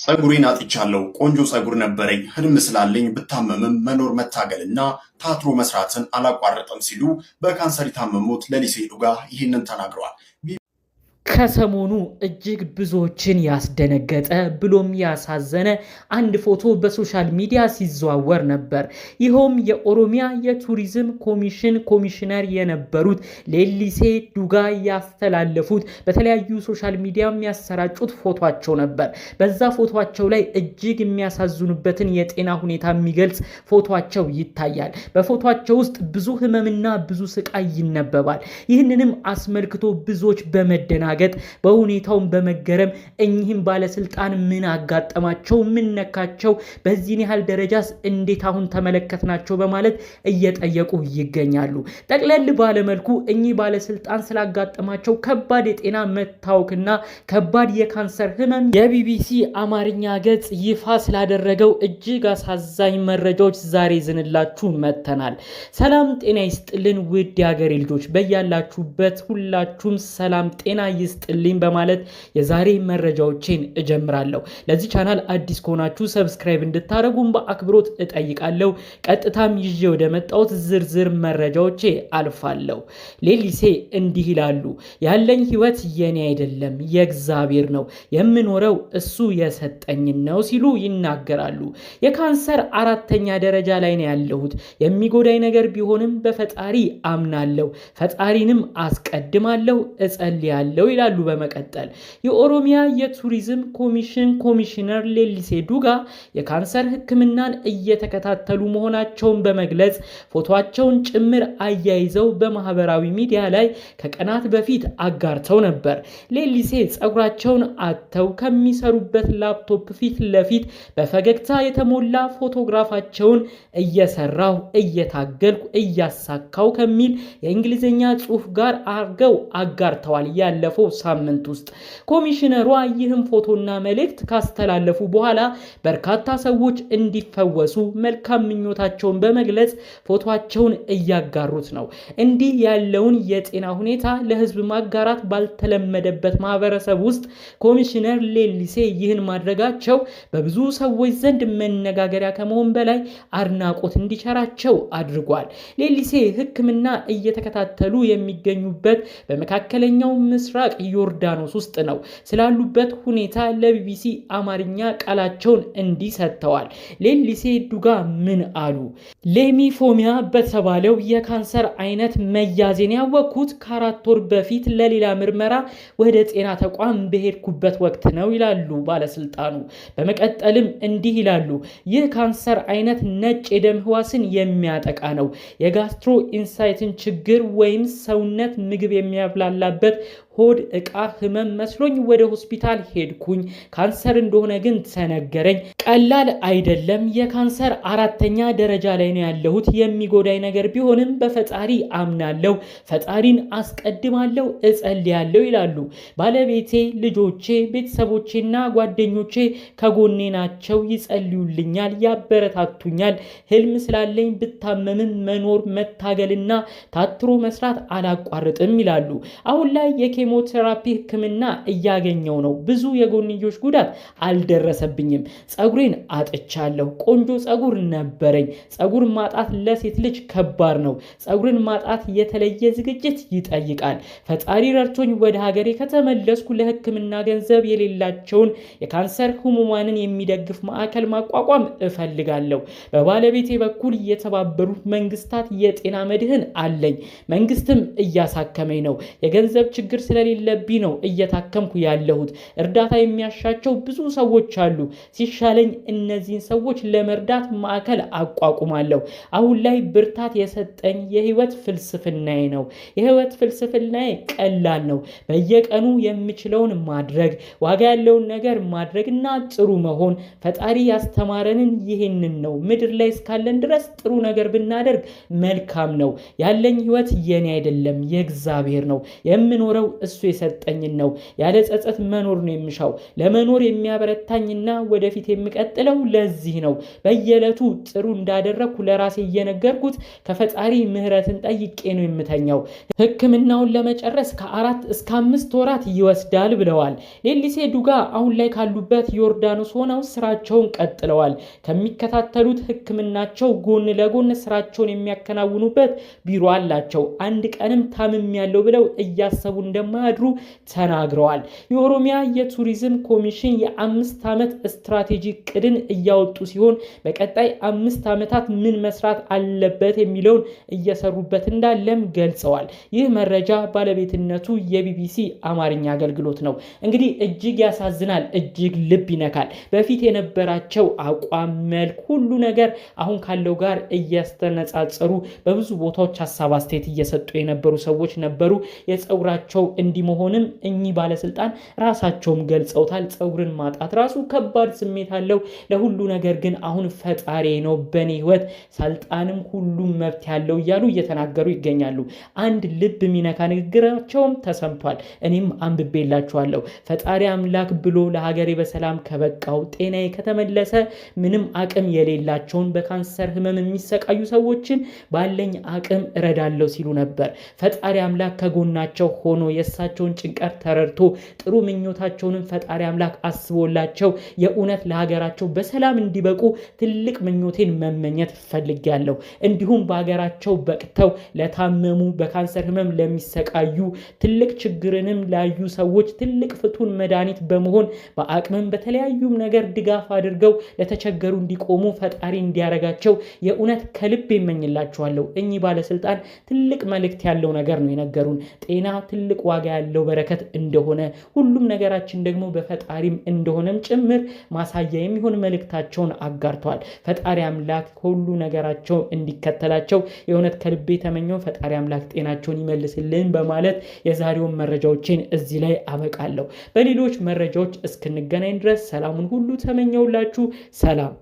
ጸጉሬን አጥቻለሁ። ቆንጆ ጸጉር ነበረኝ። ህልም ስላለኝ ብታመምም መኖር መታገልና ታትሮ መስራትን አላቋረጠም ሲሉ በካንሰር የታመሙት ለሊሴ ዱጋ ይህንን ተናግረዋል። ከሰሞኑ እጅግ ብዙዎችን ያስደነገጠ ብሎም ያሳዘነ አንድ ፎቶ በሶሻል ሚዲያ ሲዘዋወር ነበር። ይኸውም የኦሮሚያ የቱሪዝም ኮሚሽን ኮሚሽነር የነበሩት ሌሊሴ ዱጋ ያስተላለፉት በተለያዩ ሶሻል ሚዲያ የሚያሰራጩት ፎቷቸው ነበር። በዛ ፎቷቸው ላይ እጅግ የሚያሳዝኑበትን የጤና ሁኔታ የሚገልጽ ፎቷቸው ይታያል። በፎቷቸው ውስጥ ብዙ ህመምና ብዙ ስቃይ ይነበባል። ይህንንም አስመልክቶ ብዙዎች በመደናገ በማረጋገጥ በሁኔታውም በመገረም እኚህም ባለስልጣን ምን አጋጠማቸው? ምን ነካቸው? በዚህን ያህል ደረጃስ እንዴት አሁን ተመለከትናቸው? በማለት እየጠየቁ ይገኛሉ። ጠቅለል ባለመልኩ እኚህ ባለስልጣን ስላጋጠማቸው ከባድ የጤና መታወክና ከባድ የካንሰር ህመም የቢቢሲ አማርኛ ገጽ ይፋ ስላደረገው እጅግ አሳዛኝ መረጃዎች ዛሬ ይዘንላችሁ መጥተናል። ሰላም ጤና ይስጥልን ውድ የሀገሬ ልጆች በያላችሁበት ሁላችሁም ሰላም ጤና ይስጥልኝ በማለት የዛሬ መረጃዎቼን እጀምራለሁ። ለዚህ ቻናል አዲስ ከሆናችሁ ሰብስክራይብ እንድታደርጉም በአክብሮት እጠይቃለሁ። ቀጥታም ይዤ ወደ መጣሁት ዝርዝር መረጃዎቼ አልፋለሁ። ሌሊሴ እንዲህ ይላሉ። ያለኝ ህይወት የኔ አይደለም የእግዚአብሔር ነው፣ የምኖረው እሱ የሰጠኝ ነው ሲሉ ይናገራሉ። የካንሰር አራተኛ ደረጃ ላይ ነው ያለሁት። የሚጎዳኝ ነገር ቢሆንም በፈጣሪ አምናለሁ፣ ፈጣሪንም አስቀድማለሁ፣ እጸልያለሁ ይላሉ። በመቀጠል የኦሮሚያ የቱሪዝም ኮሚሽን ኮሚሽነር ሌሊሴ ዱጋ የካንሰር ሕክምናን እየተከታተሉ መሆናቸውን በመግለጽ ፎቶቸውን ጭምር አያይዘው በማህበራዊ ሚዲያ ላይ ከቀናት በፊት አጋርተው ነበር። ሌሊሴ ጸጉራቸውን አጥተው ከሚሰሩበት ላፕቶፕ ፊት ለፊት በፈገግታ የተሞላ ፎቶግራፋቸውን እየሰራሁ እየታገልኩ እያሳካው ከሚል የእንግሊዝኛ ጽሑፍ ጋር አርገው አጋርተዋል። ያለፈው ሳምንት ውስጥ ኮሚሽነሯ ይህም ፎቶና መልእክት ካስተላለፉ በኋላ በርካታ ሰዎች እንዲፈወሱ መልካም ምኞታቸውን በመግለጽ ፎቶቸውን እያጋሩት ነው። እንዲህ ያለውን የጤና ሁኔታ ለህዝብ ማጋራት ባልተለመደበት ማህበረሰብ ውስጥ ኮሚሽነር ሌሊሴ ይህን ማድረጋቸው በብዙ ሰዎች ዘንድ መነጋገሪያ ከመሆን በላይ አድናቆት እንዲቸራቸው አድርጓል። ሌሊሴ ሕክምና እየተከታተሉ የሚገኙበት በመካከለኛው ምስራቅ ምስራቅ ዮርዳኖስ ውስጥ ነው። ስላሉበት ሁኔታ ለቢቢሲ አማርኛ ቃላቸውን እንዲህ ሰጥተዋል። ሌሊሴ ዱጋ ምን አሉ? ሌሚፎሚያ በተባለው የካንሰር አይነት መያዜን ያወቅኩት ከአራት ወር በፊት ለሌላ ምርመራ ወደ ጤና ተቋም በሄድኩበት ወቅት ነው ይላሉ ባለስልጣኑ። በመቀጠልም እንዲህ ይላሉ። ይህ ካንሰር አይነት ነጭ የደም ህዋስን የሚያጠቃ ነው። የጋስትሮ ኢንሳይትን ችግር ወይም ሰውነት ምግብ የሚያብላላበት ሆድ እቃ ህመም መስሎኝ ወደ ሆስፒታል ሄድኩኝ። ካንሰር እንደሆነ ግን ተነገረኝ። ቀላል አይደለም። የካንሰር አራተኛ ደረጃ ላይ ነው ያለሁት። የሚጎዳኝ ነገር ቢሆንም በፈጣሪ አምናለሁ፣ ፈጣሪን አስቀድማለሁ፣ እጸልያለሁ ይላሉ። ባለቤቴ፣ ልጆቼ፣ ቤተሰቦቼና ጓደኞቼ ከጎኔ ናቸው፣ ይጸልዩልኛል፣ ያበረታቱኛል። ህልም ስላለኝ ብታመምም መኖር መታገልና ታትሮ መስራት አላቋርጥም ይላሉ። አሁን ላይ የኬሞቴራፒ ህክምና እያገኘው ነው። ብዙ የጎንዮሽ ጉዳት አልደረሰብኝም። ፀጉሬን አጥቻለሁ። ቆንጆ ፀጉር ነበረኝ። ፀጉር ማጣት ለሴት ልጅ ከባድ ነው። ፀጉርን ማጣት የተለየ ዝግጅት ይጠይቃል። ፈጣሪ ረድቶኝ ወደ ሀገሬ ከተመለስኩ ለሕክምና ገንዘብ የሌላቸውን የካንሰር ህሙማንን የሚደግፍ ማዕከል ማቋቋም እፈልጋለሁ። በባለቤቴ በኩል የተባበሩት መንግስታት የጤና መድህን አለኝ። መንግስትም እያሳከመኝ ነው። የገንዘብ ችግር ስለሌለብኝ ነው እየታከምኩ ያለሁት። እርዳታ የሚያሻቸው ብዙ ሰዎች አሉ። ሲሻለኝ ካለኝ እነዚህን ሰዎች ለመርዳት ማዕከል አቋቁማለሁ። አሁን ላይ ብርታት የሰጠኝ የህይወት ፍልስፍናዬ ነው። የህይወት ፍልስፍናዬ ቀላል ነው። በየቀኑ የምችለውን ማድረግ፣ ዋጋ ያለውን ነገር ማድረግና ጥሩ መሆን። ፈጣሪ ያስተማረንን ይህንን ነው። ምድር ላይ እስካለን ድረስ ጥሩ ነገር ብናደርግ መልካም ነው። ያለኝ ህይወት የኔ አይደለም፣ የእግዚአብሔር ነው። የምኖረው እሱ የሰጠኝን ነው። ያለ ጸጸት መኖር ነው የምሻው። ለመኖር የሚያበረታኝና ወደፊት የሚቀ የምቀጥለው ለዚህ ነው። በየዕለቱ ጥሩ እንዳደረግኩ ለራሴ እየነገርኩት ከፈጣሪ ምሕረትን ጠይቄ ነው የምተኛው። ሕክምናውን ለመጨረስ ከአራት እስከ አምስት ወራት ይወስዳል ብለዋል። ሌሊሴ ዱጋ አሁን ላይ ካሉበት ዮርዳኖስ ሆነው ስራቸውን ቀጥለዋል። ከሚከታተሉት ሕክምናቸው ጎን ለጎን ስራቸውን የሚያከናውኑበት ቢሮ አላቸው። አንድ ቀንም ታምም ያለው ብለው እያሰቡ እንደማያድሩ ተናግረዋል። የኦሮሚያ የቱሪዝም ኮሚሽን የአምስት ዓመት ስትራቴጂክ እቅድን እያወጡ ሲሆን በቀጣይ አምስት ዓመታት ምን መስራት አለበት የሚለውን እየሰሩበት እንዳለም ገልጸዋል። ይህ መረጃ ባለቤትነቱ የቢቢሲ አማርኛ አገልግሎት ነው። እንግዲህ እጅግ ያሳዝናል፣ እጅግ ልብ ይነካል። በፊት የነበራቸው አቋም፣ መልክ፣ ሁሉ ነገር አሁን ካለው ጋር እያስተነጻጸሩ በብዙ ቦታዎች ሀሳብ አስተያየት እየሰጡ የነበሩ ሰዎች ነበሩ። የፀጉራቸው እንዲመሆንም እኚህ ባለስልጣን ራሳቸውም ገልጸውታል። ፀጉርን ማጣት ራሱ ከባድ ስሜት አለው አለው። ለሁሉ ነገር ግን አሁን ፈጣሪ ነው በእኔ ህይወት ሰልጣንም ሁሉም መብት ያለው እያሉ እየተናገሩ ይገኛሉ። አንድ ልብ የሚነካ ንግግራቸውም ተሰምቷል። እኔም አንብቤላችኋለሁ። ፈጣሪ አምላክ ብሎ ለሀገሬ በሰላም ከበቃው ጤናዬ ከተመለሰ ምንም አቅም የሌላቸውን በካንሰር ህመም የሚሰቃዩ ሰዎችን ባለኝ አቅም እረዳለሁ ሲሉ ነበር። ፈጣሪ አምላክ ከጎናቸው ሆኖ የእሳቸውን ጭንቀት ተረድቶ ጥሩ ምኞታቸውንም ፈጣሪ አምላክ አስቦላቸው የእውነት ለሀገር በሀገራቸው በሰላም እንዲበቁ ትልቅ ምኞቴን መመኘት እፈልጋለሁ። እንዲሁም በሀገራቸው በቅተው ለታመሙ በካንሰር ህመም ለሚሰቃዩ ትልቅ ችግርንም ላዩ ሰዎች ትልቅ ፍቱን መድኃኒት በመሆን በአቅምም በተለያዩም ነገር ድጋፍ አድርገው ለተቸገሩ እንዲቆሙ ፈጣሪ እንዲያረጋቸው የእውነት ከልብ ይመኝላችኋለሁ። እኚህ ባለስልጣን ትልቅ መልእክት ያለው ነገር ነው የነገሩን። ጤና ትልቅ ዋጋ ያለው በረከት እንደሆነ ሁሉም ነገራችን ደግሞ በፈጣሪም እንደሆነም ጭምር ማሳያ የሚሆን መልእክታቸውን አጋርተዋል። ፈጣሪ አምላክ ሁሉ ነገራቸው እንዲከተላቸው የእውነት ከልቤ የተመኘው ፈጣሪ አምላክ ጤናቸውን ይመልስልን በማለት የዛሬውን መረጃዎችን እዚህ ላይ አበቃለሁ። በሌሎች መረጃዎች እስክንገናኝ ድረስ ሰላሙን ሁሉ ተመኘውላችሁ። ሰላም